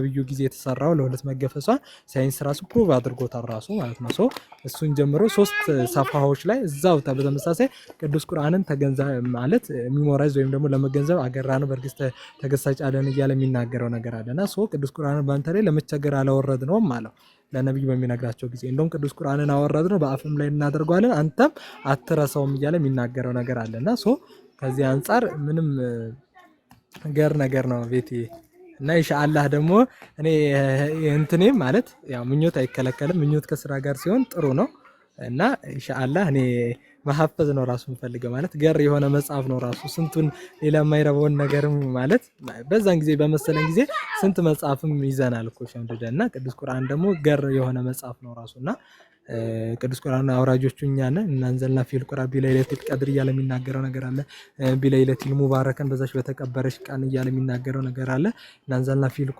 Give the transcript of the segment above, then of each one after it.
በብዩ ጊዜ የተሰራው ለሁለት መገፈሷ ሳይንስ ራሱ ፕሩቭ አድርጎታል ራሱ ማለት ነው። ሰው እሱን ጀምሮ ሶስት ሰፋዎች ላይ እዛው በተመሳሳይ ቅዱስ ቁርአንን ተገንዛ ማለት ሚሞራይዝ ወይም ደግሞ ለመገንዘብ አገራ ነው በእርግስ ተገሳጭ አለን እያለ የሚናገረው ነገር አለና ሶ ቅዱስ ቁርአንን በአንተ ላይ ለመቸገር አላወረድ ነውም አለው ለነቢዩ በሚነግራቸው ጊዜ እንደውም ቅዱስ ቁርአንን አወረድ ነው በአፍም ላይ እናደርገዋለን አንተም አትረሳውም እያለ የሚናገረው ነገር አለና ሶ ከዚህ አንጻር ምንም ገር ነገር ነው ቤቴ እና ኢንሻአላህ ደግሞ እኔ እንትኔ ማለት ያው ምኞት አይከለከልም። ምኞት ከስራ ጋር ሲሆን ጥሩ ነው እና ኢንሻአላህ እኔ መሐፈዝ ነው ራሱ የምፈልገው ማለት ገር የሆነ መጽሐፍ ነው ራሱ ስንቱን ሌላ የማይረበውን ነገርም ማለት በዛን ጊዜ በመሰለን ጊዜ ስንት መጽሐፍም ይዘናል እኮ ሸምድደን እና ቅዱስ ቁርአን ደግሞ ገር የሆነ መጽሐፍ ነው ራሱና ቅዱስ ቁርአን አውራጆቹ እኛ ነን እና አንዘልና ፊል ቁርአን ቢለይለቲል ቀድር እያለ የሚናገረው ነገር አለ። ቢለይለቲል ሙባረከን በዛች በተቀበረች ቀን እያለ የሚናገረው ነገር አለ። እና አንዘልና ፊል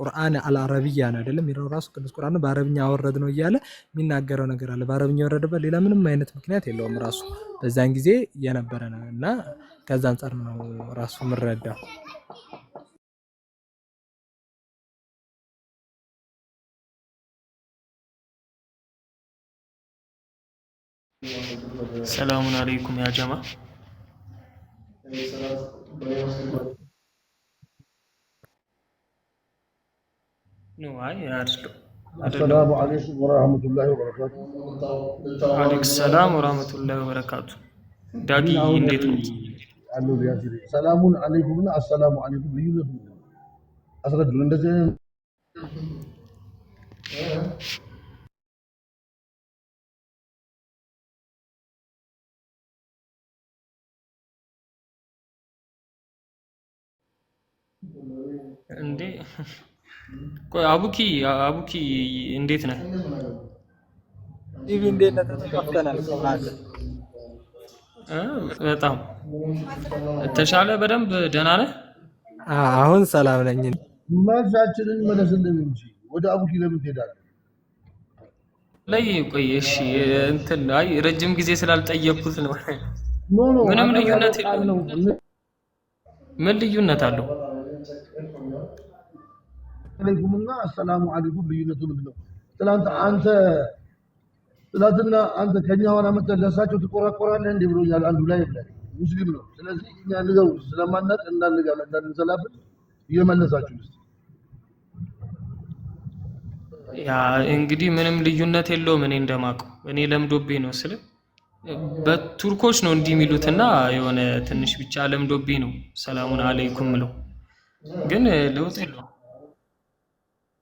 ቁርአን አልአረብያ ነው አይደለም የሚለው ራሱ ቅዱስ ቁርአን በአረብኛ አወረድ ነው እያለ የሚናገረው ነገር አለ። በአረብኛ ወረደበት ሌላ ምንም አይነት ምክንያት የለውም። ራሱ በዛን ጊዜ የነበረ ነው እና ከዛ አንጻር ነው ራሱ የምንረዳው። Salamun አለይኩም ያጀማ jama. አሰላሙ አለይኩም ወረህመቱላሂ ወበረካቱ። አለይኩም ሰላም ወረህመቱላሂ ወበረካቱ። ዳጊ እንዴት ነው? ሰላሙን አለይኩም እና አሰላሙ አለይኩም ልዩነቱ አስረዱ። እንደዚህ እንዴ ቆይ አቡኪ አቡኪ እንዴት ነህ? ኢቪ እንዴት ነህ? ተጠፋፍተናል እ በጣም ተሻለ። በደንብ ደህና ነህ? አሁን ሰላም ነኝ። መዛችንን መለስልን እንጂ ወደ አቡኪ ለምን ትሄዳለህ? ላይ ቆይ እሺ፣ እንትን አይ ረጅም ጊዜ ስላልጠየኩት ነው። ምንም ልዩነት የለውም። ምን ልዩነት አለው? አለይኩምና ሰላሙ አሰላሙ አለይኩም ልዩነቱ ምንድን ነው? ትላንት አንተ ትላንትና አንተ ከኛ ሆነ መጠ ለሳቸው ትቆራቆራለህ እንዲህ ብሎኛል። አንዱ ላይ ብላ ሙስሊም ነው። ስለዚህ እኛ ንገው ስለማናቅ እንዳንጋለ እንዳንሰላብን እየመለሳችሁ ስ ያ እንግዲህ ምንም ልዩነት የለውም። እኔ እንደማውቀው እኔ ለምዶቤ ነው ስለ በቱርኮች ነው እንዲህ የሆነ ትንሽ ብቻ ለምዶቤ ነው ሰላሙን አለይኩም ምለው ግን ለውጥ የለውም።